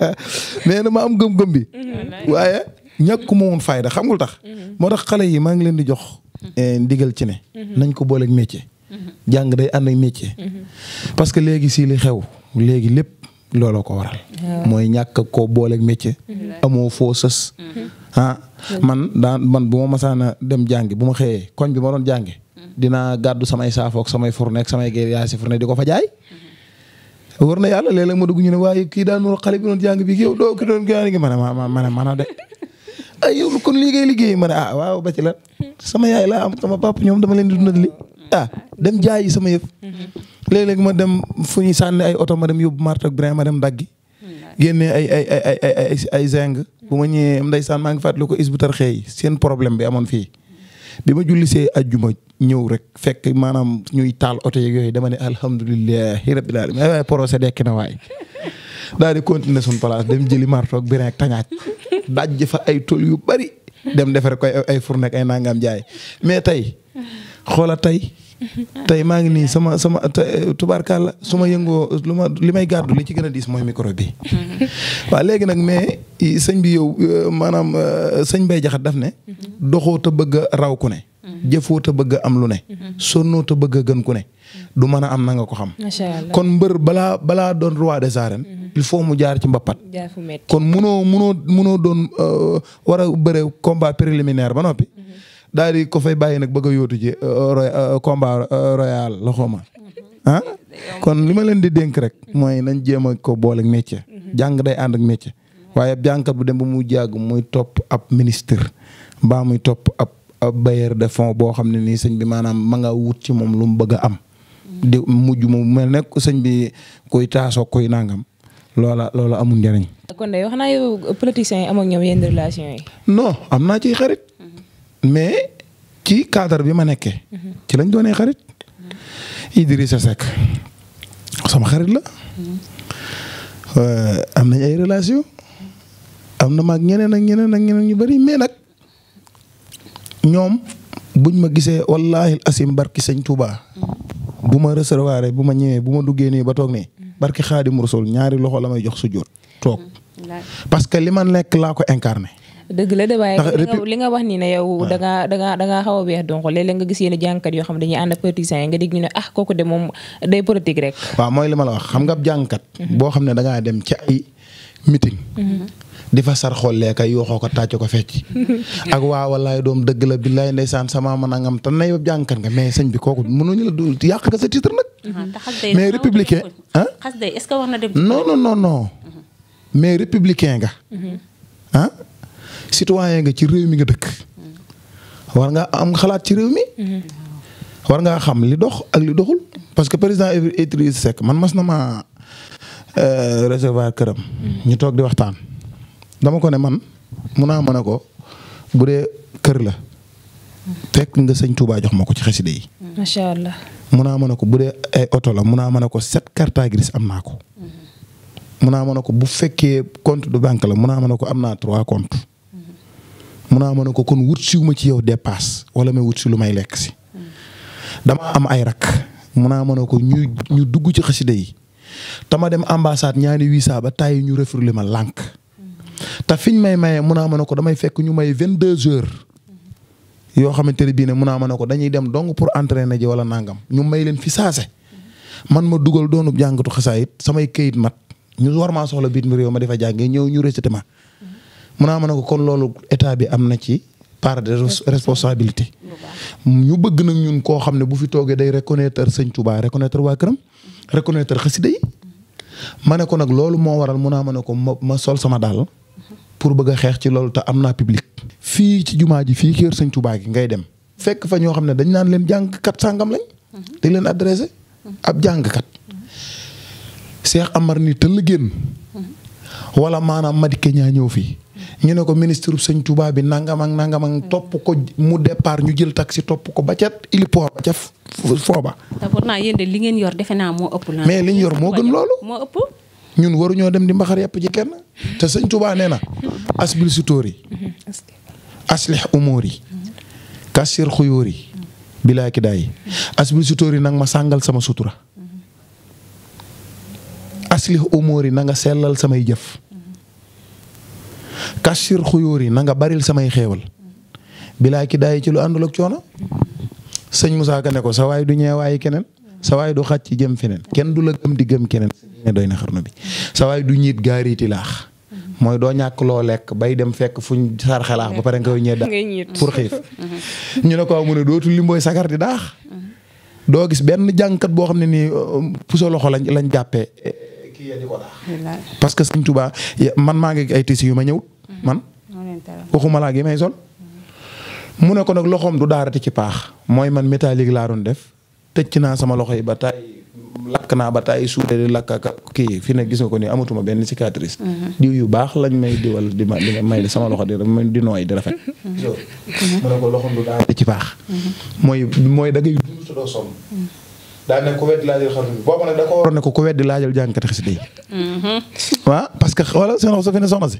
mais dama am gëm-gëm bi waaye ñàkkuma woon fayda xamul tax mhm. moo tax xale yi maa ngi leen di jox mhm. eh, ndigal ci ne mhm. nañ ko boole métier jàng day ànd ak métier que léegi sii li xew léegi lépp looloo ko waral. mooy ñàkk koo booleeg métier. amoo foo sës. ah man daan bu ma masaana dem jàngi bu ma xëyee koñ bi ma doon jàngi. dinaa gàddu samay saafook samay fourne samay géej yaa si di ko fa jaay. war na yàlla léeg-léeg ma dugg ñu ne waaye kii daan mu xale bi doon jàng bi yow doo ki doon gaañ gi ma ne ma ma ne ma de. ay ah, yow kon liggéey liggéey ma ne ah waaw ba ci la sama yaay laa am sama papa ñoom dama leen di dundal li ah dem jaayi sama yëf. léeg-léeg ma dem fu ñuy sànni ay oto ma dem yóbbu marto ak brin ma dem daggi génne ay ay ay ay bu ma ñëwee ndeysaan maa ngi fàttali ko is bu tarxee yi seen problème bi amoon fii. bi ma jullisee ajjuma ñëw rek fekk maanaam ñuy taal oto yeeg yooyu dama ne alhamdulilahi daal alamin waaye procès dekk na waay daal di continuer suñu place dem jëli marto ak birin ak tañaaj daj fa ay tool yu bari dem defar ko ay fourne ak ay mais tey tey maa ngi nii sama sama tubaarkàlla su ma yëngoo lu ma li may gàddu li ci gën a diis mooy micro bi. waa léegi nag mais sëñ bi yow e, maanaam e, sëñ Mbaye Jaxate daf ne. Mhm. doxoo te bëgg a raw ku ne. Mhm. jëfoo te bëgg am lu ne. Mhm. sonnoo te bëgg gën ku ne. du man a am na nga ko xam. kon mbër balaa balaa doon roi des arènes. il faut mu jaar ci mbappat. kon munoo munoo munoo doon e, war a bëre combat préliminaire ba noppi. daal di ko fay bàyyi nag bëgg a yóotu ci euh, euh, euh, combat royal la xoma ah mm-hmm. kon li ma leen di dénk rek mm-hmm. mooy na jéem a ko boole métier mm-hmm. jàng day ànd ak métier waaye jàngkat bu dem ba mu jàgg muy topp ab ministre mbaa muy topp ab ab de fonds boo xam ne nii sëñ bi maanaam ma nga wut ci moom lu mu bëgg a am. di mujj mu mel ne sëñ bi kuy taasoo koy nangam loola loola amul njëriñ. am naa ciy xarit. mais ci cadre bi ma nekkee. ci lañ doonee xarit. Idrissa Seck sama xarit la. Euh, am nañ ay relation am na maag ñeneen ak ñeneen ak ñeneen ñu bari mais nag ñoom buñ ma gisee wallaahi asim barki sëñ Touba. bu ma recevoir bu ma ñëwee bu ma duggee nii ba toog nii. barki Xaadim Rasul ñaari loxo la may jox su jóot toog mm-hmm. parce que li ma nekk laa ko incarné. dëgg la de waaye li nga wax nii ne yow ah. da ngaa da ngaa da ngaa xaw a weex donc léeg-léeg nga gis yenn jàngkat yoo xam dañuy ànd ak politiciens yi nga dégg ñu ne ah kooku de moom day politique rek waaw mooy xam nga ab jàngkat mhm. boo xam ne dangaa dem ci ay meeting mhm. di fa sar xollee kay yoo xoo ko tàcc ko fecc ak waa wallaay doom dëgg la billaay ndeysaan sama mën a ngam te nay yob jànkat nga mais sëñ bi kooku mënuñu la du yàq nga sa titre nag. Ah, mais républicain ah. xas day est-ce que war na dem. non non non non mhm. mais républicain nga. ah citoyen nga ci réew mi nga dëkk. war nga am xalaat ci réew mi. Mm-hmm. war ngaa xam li dox ak li doxul parce que par président Idriss Seck man mas na ma euh, recevoir këram. Mm-hmm. ñu toog di waxtaan. dama ko ne man mun naa mën a ko bu dee kër la. fekk nga sëñ Touba jox ma ko ci xaside yi. Mm-hmm. macha allah mun naa mën a ko bu dee oto la mun naa mën a ko sept naa ko. mun naa mën a ko bu fekkee compte du banque la mun naa mën a ko am naa trois comptes. mun a ah, mën a ko kon wut siwuma ci yow dépasse wala may wut si lu may lekk si. dama am ay rak mun a ah, mën a ko ñu ñu dugg ci xasida yi tama dem ambassade ñaani visa ba tàyyi ñu refouler ma lànk. te fiñ may maye mun a ah, mën a ko damay fekk ñu may vingt 22 heures. yoo xamante ne bii ne mun a mën a ko dañuy dem dong pour na ji wala nangam ñu may leen fi saase. man ma dugal doonu doonub jàngatu xasaayit samay kayit mat ñu war maa soxla bitim réew ma defa jàngee ñëw ñu recité ma mun naa mën a ko kon loolu état bi am na ci part de responsabilité. ñu bëgg nag ñun koo xam ne bu fi toogee day reconnaître sëñ Touba reconnaître waa këram. reconnaître xasida yi. ma ne ko nag loolu moo waral mun naa mën a ko ma ma sol sama daal. pour bëgg a xeex ci loolu te am naa public. fii ci jumaa ji fii kër sëñ Touba gi ngay dem. fekk fa ñoo xam ne dañ naan leen jàngkat sàngam lañ. Mhm. di leen adressé. Mhm. ab jàngkat. Cheikh Amar nii tëll génn. Mhm. walla maanaam Madické ñëw fii. ñu ne ko ministre sëñ Touba bi nangam ak nangam ak topp ko mu départ ñu jël taxi topp ko ba ca héliport ba ca fooba. te pourtant yéen li ngeen yor defe naa moo ëpp. mais li ñu yor moo gën loolu. moo ëpp. ñun waruñoo dem di mbaxar yàpp ji kenn te sëñ Touba nee na. asbil sutóori. yi umóori. kasir xuyóori. bilaa kidaay asbil sutóori nag ma sàngal sama sutura. aslih umóori na nga sellal samay jëf. kasir xuyóor yi na nga baril samay xéewal bilaa ki daay ci lu àndul ak coono sëñ Moussa Ka ne ko sa waay du ñeewaayi keneen sa waay du xàcc jëm feneen kenn du la gëm di gëm keneen ne doy na xarnu bi sa waay du ñiit ti laax mooy doo ñàkk loo lekk bay dem fekk fuñ sarxelaax ba pare nga koy ñee pour xiif ñu ne ko mu ne dootu li mooy sagar di daax doo gis benn jàngkat boo xam ne nii euh, puso loxo lañ lañ jàppee eh, kii ya que sëñ Tuubaa man maa ngi ay tisi yu ma ñëw man waxuma laa gi may sol mu ne ko nag loxoom du daarati ci paax mooy man métallique laa doon def tëcc naa sama loxo yi ba taay lakk naa ba taay suude lakk ak kii ko ni amatuma benn cicatrice mhm. diw yu baax lañ may diwal ma di may sama di di nooy di ci paax mhm. mooy mooy da mhm. daa ne ku weddi laajal xam ne boobu nag da ko waroon ko ku weddi laajal jànkati waa parce que wala seen wax sa fi ne soxna si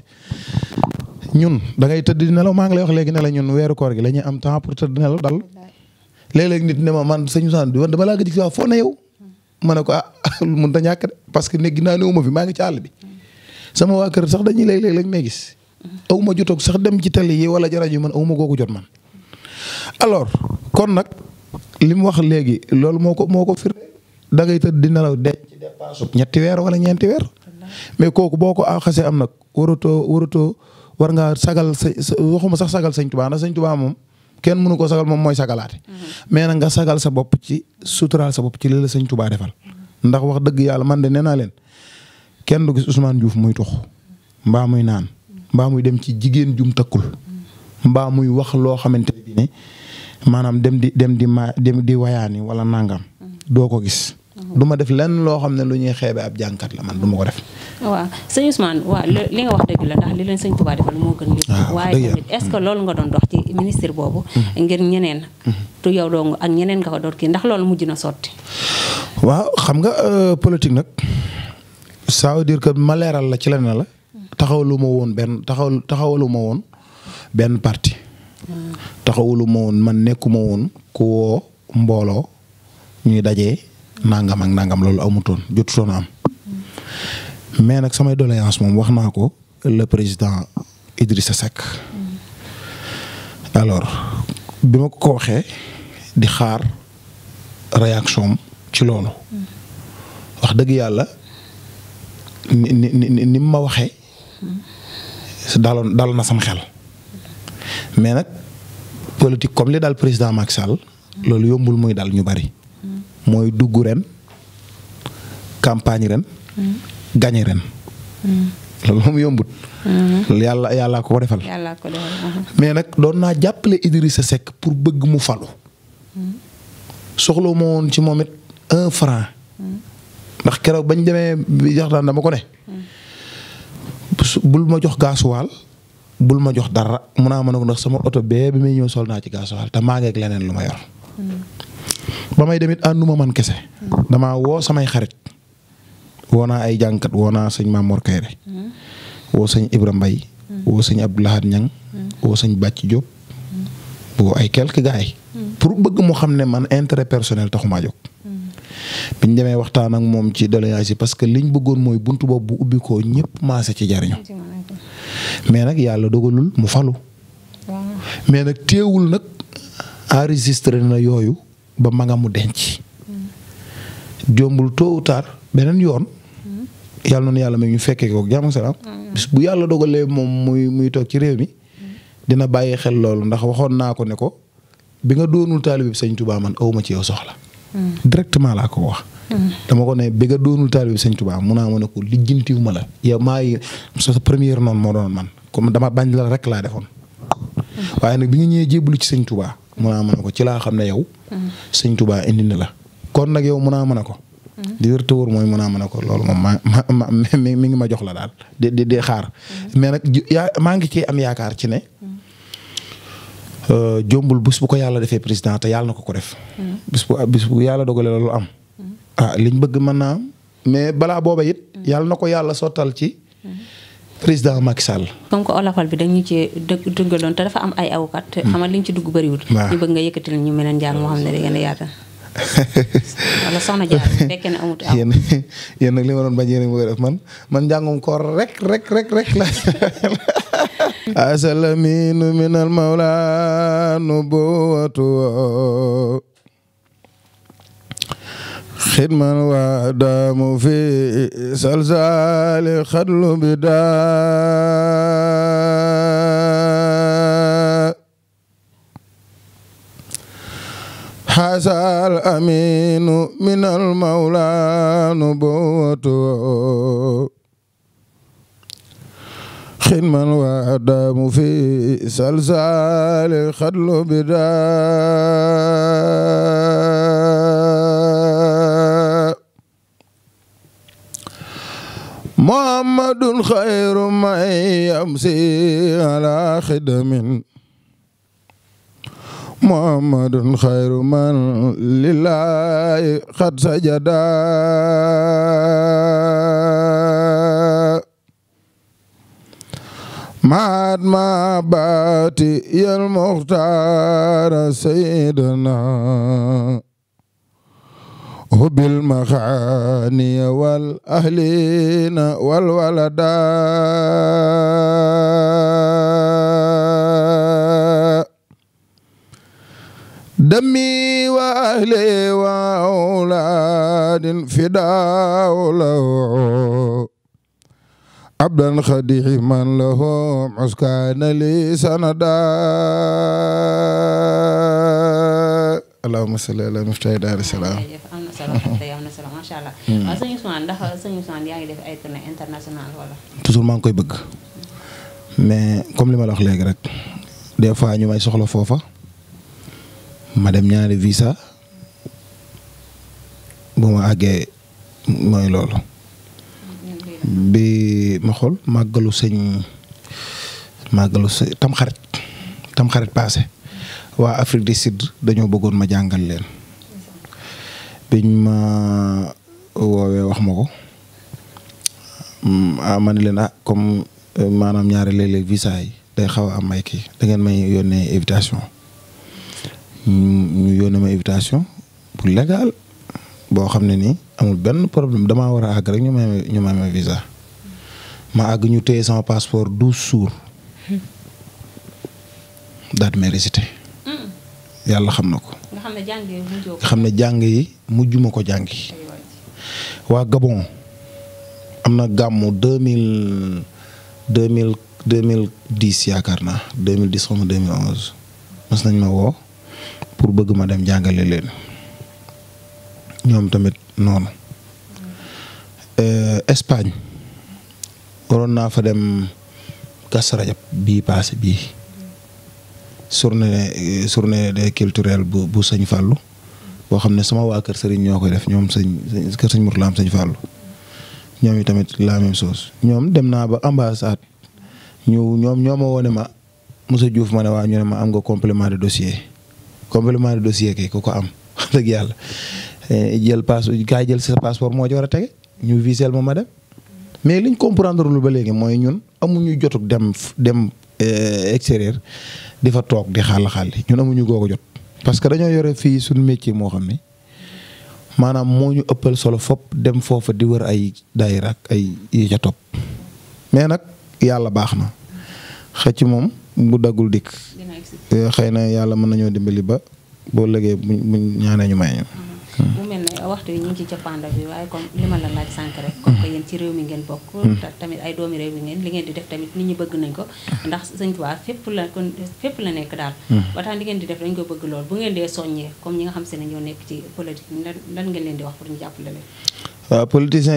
ñun da ngay tëdd di nelaw maa ngi lay wax léegi ne la ñun weeru koor gi la am temps pour tëdd nelaw dal léeg-léeg nit ne ma man sëñ Ousmane di dama laa gëj si waaw ma ne ko ah mun ta ñàkk parce que néeg gi naa newuma fi maa ngi ci àll bi sama waa kër sax dañuy léeg-léeg may gis aw ma jotoog sax dem ci tali yi wala jarajo yi man aw ma googu jot man alors kon nag li mu wax léegi loolu moo ko moo ko fir da ngay tëdd di nelaw de ñetti weer wala ñeenti weer mais kooku boo ko xasee am nag waratoo waratoo war ngaa sagal sa waxuma sax sagal sëñ Tuubaa ndax sëñ Tuubaa moom kenn mënu ko sagal moom mooy sagalaate mm-hmm. mais nag nga sagal sa bopp ci suturaal sa bopp ci li la sëñ tubaa defal mm-hmm. ndax wax dëgg yàlla man de nee naa leen kenn du gis Ousmane Diouf muy tux mbaa muy naan mbaa muy dem ci jigéen jum takkul mm-hmm. mbaa muy wax loo xamante ni maanaam dem di dem di ma dem di wayaani wala nangam doo ko gis du ma def lenn loo xam ne lu ñuy xeebe ab jànkat la man du ma ko def. waaw sëñ Ousmane waaw li nga wax dëgg la ndax li leen sëñ Tuubaa defal moo gën lépp. Ah, waaye tamit est mm-hmm. loolu nga doon dox ci ministre boobu. Mm-hmm. ngir ñeneen. Mm-hmm. tu yow dong ak ñeneen nga ko doon kii ndax loolu mu mujj na sotti. waaw xam nga euh, politique nag ça veut dire que ma la ci la ne la. taxawalu woon benn taxaw taxawalu ma woon benn parti. taxawalu ma woon man nekkuma woon ku woo mbooloo ñuy daje. nangam ak nangam loolu amutoon jotutoon am mais nag samay doléance moom wax naa ko la président sa Seck alors bi ma ko ko waxee di xaar réaction ci loolu wax dëgg yàlla ni ni ni ma waxee daloo dal na sam xel mais nag politique comme li daal président Macky Sall loolu yombul muy dal ñu bari mooy dugg ren campagne ren. gañe ren. loolu moom yombut. yàlla yàllaa ko ko defal. yàllaa mais nag doon naa jàppale sa Seck pour bëgg mu falu. soxla ma woon ci moom it un franc. ndax keroog bañ demee jox daan dama ko ne. bul ma jox gaasuwaal bul ma jox dara mun naa mën a ko ndax sama oto bee bi muy ñëw sol naa ci gaasuwaal te maa leneen lu ma yor. ba may demit ànduma man kese. damaa woo samay xarit. woo naa ay jànkat woo naa sëñ Maam Mor Kayre. woo sëñ Ibra Mbay woo sëñ Abdou Lahad Ñang woo sëñ Bàcc Diop. woo ay quelques gars pour bëgg mu xam ne man intérêt personnel taxumaa jóg. biñ demee waxtaan ak moom ci doléance yi parce que liñ bëggoon mooy buntu boobu bu ubbi ko ñëpp maase ci jariñu mais nag yàlla dogalul mu falu. mais nag teewul nag enregistré na yooyu. ba magam mu denc. jombul tôt ou beneen yoon. yàlla noonu yàlla may ñu fekkee ko jàmm salaam. bis bu yàlla dogalee moom muy muy toog ci réew mi. dina bàyyi xel loolu ndax waxoon naa ko ne ko bi nga doonul taalibe bi sëñ Touba man awuma ci yow soxla. Hmm. directement laa ko hmm. ko ne bi nga doonul taalibe bi mun naa ma ne ko lijjantiwuma la. yow maay sa première noonu moo doon man comme dama bañ la rek laa defoon. Hmm. waaye nag bi nga ñëwee jébbalu ci sëñ Touba. mun naa mën ko ci laa xam ne yaw sëñ Tuubaa indi na la. kon nag yow mun naa mën a ko. di wër wër mooy mun naa mën a ko loolu moom ma ma mi ngi ma jox la daal di di xaar. mais na yaa maa ngi ciy am yaakaar ci ne. Euh, jombul bés bu ko yàlla defee président te yàlla na ko ko def. bés bu bés yàlla dogalee loolu am. ah liñ bëgg man naa am mais balaa booba it. yàlla na ko yàlla sottal ci. président Macky Sall. comme que olofal bi dañu ci dëggaloon te dafa am ay awukat. Hmm. xamal liñ ci dugg bëriwul. ñu bëgg nga yëkkatil ñu mel ne njàng moo xam ne da ngeen a yaatal. wala soxna Diarra bu fekkee ne amut aw. yéen yéen li ma doon bañ yéen a bëgg a def man man njàngum koor rek rek rek rek la. asalamiinu minal mawla nubuwatu خدما وأدام في سلسال خدل بدا حسى الأمين من المولى نبوته خدما وأدام في سلسال خدل بدا muhammadun xayru may yamsi ala xidamin muhammadun xayru man lillahi xad sajada maat ma baati yal muxtaara sayyidana hubil maxaani wal ahlina wal walada dami wa ahli wa awlaadin fidaa lahu abdan xadiman lahu uskaana li sanada allahumma salli ala miftahi daari salaam Mhm. solo mhm. maa ngi koy bëgg mais comme li ma la wax léegi rek des fois ñu may soxla foofa ma dem ñaari visa bu àggee mooy loolu. bi ma xool màggalu sëñ màggalu sëñ tamxarit tamxarit paase waa Afrique du Sud dañoo bëggoon ma jàngal leen. biñ ma woowee wax ma ko mm, ah ma ne leen ah comme euh, maanaam ñaari léeg-léeg visa yi day xaw a am may kii da ngeen may yónnee invitation ñu yónnee ma invitation bu légal boo xam ne nii amul benn problème damaa war a àgg rek ñu ma visa ma àgg ñu téye sama passeport douze jours hmm. daat may récité yàlla xam na ko. nga xam ne jàng yi mujjoo ko. xam yi mujjuma ko jàngi. waa Gabon am na gàmmu deux mille deux mille deux dix yaakaar naa deux mille dix ma deux onze mas nañ ma woo pour bëgg ma dem jàngale leen ñoom tamit noonu euh, Espagne waroon naa fa dem gas rajab bii paase bii. journée euh, journée culturelle bu bu sëñ Fallou boo xam ne sama waa kër sëriñ ñoo koy def ñoom sëñ kër sëñ Mourala am sëñ Fallou ñoom i tamit la même ñoom dem naa ba ambassade ñu ñoom ñoo ma woone ma Moussa Diouf ma ne waa ñu ma am nga complément de dossier complément de ko am yàlla eh, jël passe gaa sa passeport moo ci war a tege ñu visel ma ma dem mais liñ comprendre lu ba léegi mooy ñun amuñu jotug dem dem Euh, extérieur di fa toog di xaal xaali ñun amuñu googu jot. parce que dañoo yore fii suñu métier moo xam ne maanaam moo ñu ëppal solo fop dem foofa di wër ay daayira ak ay yi topp mais nag yàlla baax na xëcc moom bu daggul dikk. Euh, xëy na yàlla mën nañoo dimbali ba boo lëgee bu ñaanee ñu may waxtu yi ñu ci cappaandaw bi waaye comme li la laaj sànq rek comme que yéen ci réew mi ngeen bokk hmm. tamit ay doomi réew mi ngeen li ngeen di def tamit nit ñi bëgg nañ ko ndax sëñ Tuubaa fépp la kon la nekk daal hmm. ba tax li ngeen di def dañ ko bëgg lool bu ngeen dee soññee comme ñi nga xam se ne ñoo nekk ci politique lan ngeen leen di wax pour ñu jàppale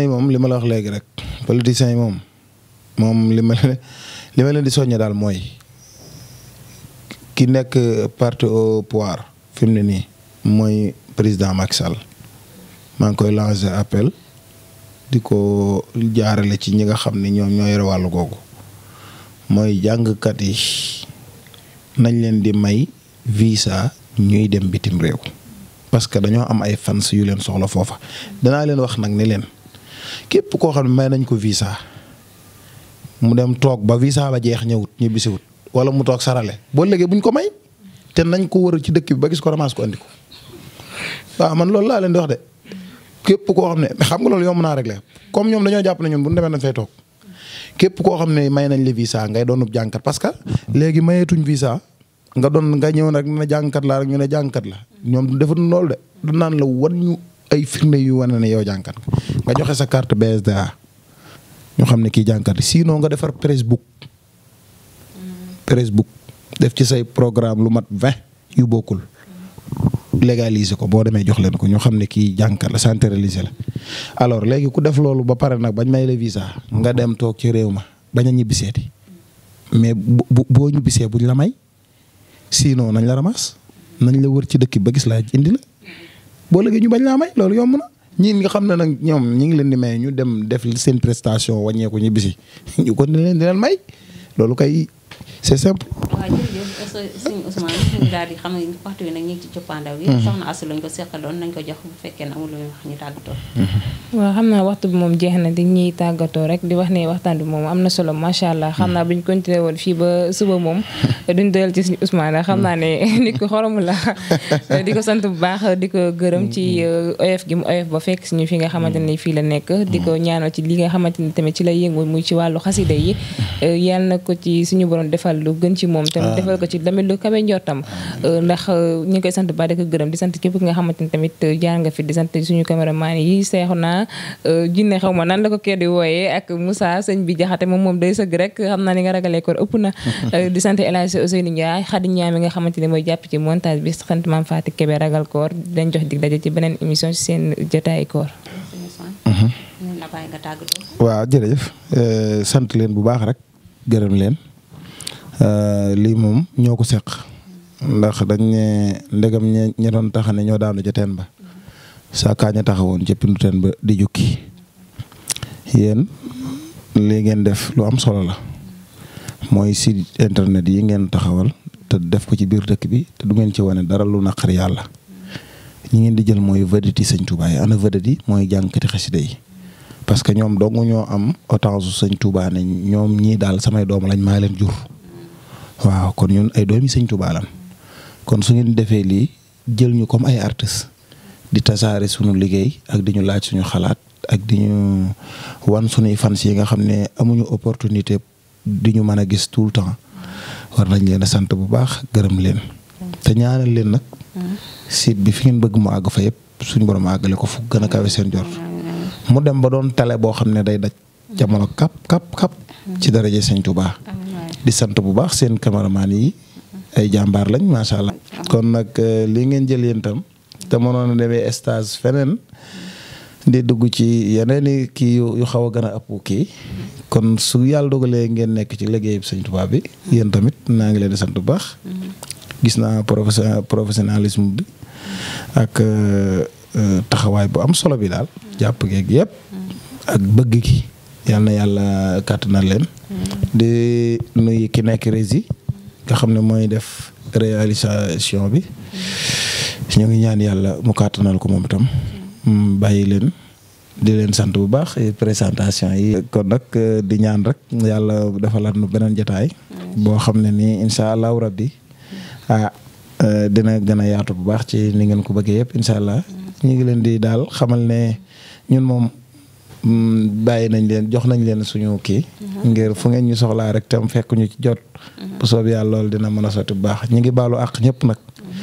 yi moom li ma la wax léegi rek politiciens yi moom moom li ma li ma leen di soññee daal mooy ki nekk parti au pouvoir fi ne nii mooy président Macky Sall maa ngi koy lancer appel di ko jaarale ci ñi nga xam ne ñoom ñoo yore wàllu googu mooy jàngkat yi nañ leen di may visa ñuy dem bitim réew. parce que dañoo am ay fans yu leen soxla foofa danaa leen wax nag ne leen képp koo xam ne may nañ ko visa mu dem toog ba visa ba jeex ñëwut ñu bisiwut wala mu toog sarale boo léegi buñ ko may te nañ ko wër ci dëkk bi ba gis ko ramaas ko andi ko waaw man loolu laa leen di wax de. képp koo xam ne xam nga loolu yomb naa régler comme ñoom dañoo jàpp ne ñun bu ñu demee dañ fay toog képp koo xam ne may nañ la visa ngay doonub jàngkat parce que léegi mayeetuñ visa nga doon nga ñëw rek ñu jànkat la rek ñu ne jànkat la ñoom defuñu lool de du naan la wan ñu ay firnde yu wane ne yow jàngkat nga joxe sa carte BSDA ñu xam ne kii jàngkat sinon nga defar Facebook Facebook def ci say programme lu mat vingt yu bokkul légaliser ko boo demee jox leen ko ñu xam ne kii jànka la centralisé la alors léegi ku def loolu ba pare nag bañ may la visa nga dem toog ci réew ma bañ a ti mais bu boo ñibbisee buñ la may sinon nañ la ramas nañ la wër ci dëkk ba gis laa indi la boo léegi ñu bañ laa may loolu yomb na ñiin nga xam ne nag ñoom ñi ngi leen di may ñu dem def seen prestation wàññeeku ñibbisi ñu kon leen di leen may loolu kay c'est simple. waaw jërëjëf sëñ Ousmane ñu daal di xam nag ñu ci coppaandaw gi. Mhm. soxna Astou lañ nañ ko jox bu fekkee ne amul lu wax mhm. naa waxtu bi moom jeex na di ñuy tàggatoo rek di wax ne waxtaan bi moom am na solo macha allah xam naa mhm. bu ñu continué woon fii ba suba moom duñ doyal ci sëñ Ousmane xam naa ne nit ko xorom la di ko sant bu baax di ko gërëm ci euh, oyof gi mu oyof ba fekk suñu fi nga xamante ne fii la nekk. di ko ñaanal ci li nga xamante ne tamit ci la yëngu muy ci wàllu xasida yi euh, yàlla ko ci suñu borom defal lu gën ci moom tamit ah. defal ko ci damit lu kawe njortam ah. ndax euh, ñu koy sant ba di ko gërëm di sant képp ki nga xamante ni tamit euh, jaar nga fi di sant suñu caméraman yi seexu naa euh, jinne xaw ma nan la ko kee di wooyee ak Moussa sëñ bi jaxate moom moom day sëgg rek xam naa ni nga ragalee koor ëpp na di sant El Hadj Ousseynou Ndiaye Xadi Ñaam mi nga xamante ni mooy jàpp ci montage bi sant Maam Fatou Kébé ragal koor dañ jox dig daje ci beneen émission ci seen Euh, lii moom ñoo ko seq ndax dañ ne ndegam ñe ña doon taxa ne ñoo daanu ca teen ba saa kaaña taxawoon ca pindu teen ba di jukki yéen lii ngeen def lu am solo la mooy si internet yi ngeen taxawal te def ko ci biir dëkk bi te du ngeen ci wane dara lu naqar yàlla ñi ngeen di jël mooy vedette yi sëñ Touba yi ana vedette yi mooy jàngkati xasida yi parce que ñoom dong ñoo am otage su sëñ Touba ne ñoom ñii daal samay doom lañ maa leen jur. waaw kon ñun ay doomi sëñ Tuubaa lan kon su ngeen defee lii jël ñu comme ay artistes di tasaare suñu liggéey ak di ñu laaj suñu xalaat ak di ñu wan suñuy fans yi nga xam ne amuñu opportunité di ñu mën a gis tout le temps war nañ leen sant bu baax gërëm leen te ñaanal leen nag site bi fi ngeen bëgg mu àgg fa yëpp suñu borom àggale ko fu gën a kawe seen jor mu dem ba doon tale boo xam ne day daj jamono kap kap kap ci daraje sëñ Tuubaa di sant bu baax seen cameraman yi ay jàmbaar lañ macha allah. kon nag euh, li ngeen jël yéen tam te mënoon a demee stage feneen di dugg ci yeneen i kii yu xaw a gën a ëpp kii kon su yàlla dogalee ngeen nekk ci liggéey bi sëñ bi yéen tamit naa ngi leen di sant bu baax. gis naa professionnalisme bi ak euh, euh, taxawaay bu am solo bi daal. jàpp geeg yëpp ak bëgg gi. yal na yàlla kàttanal leen. Mm-hmm. di nuyu ki nekk rési nga xam ne mooy def réalisation bi mm-hmm. ñu ngi ñaan yàlla mu kàttanal ko moom itam. Mm-hmm. Mm, bàyyi leen di leen sant bu baax eh, présentation yi. kon nag eh, di ñaan rek yàlla defalaat nu beneen jotaay. boo xam ne nii incha allahu rabbi ah eh, dina gën a yaatu bu baax ci ni ngeen ko bëggee yëpp incha allah. ñun moom. bàyyi nañ leen jox nañ leen suñu kii. Mhm. ngir fu ngeen ñu soxlaa rek tam fekk ñu ci jot. Mhm. bu soob yàlla loolu dina mën a sotti bu baax ñu ngi baalu àq ñëpp nag. Mhm.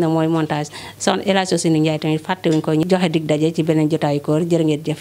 na mooy montage son El Hadj Ousseynou Ndiaye tamit fàttewuñ ko ñu joxe dig daje ci beneen jotaayu koor jërë ngeen jëf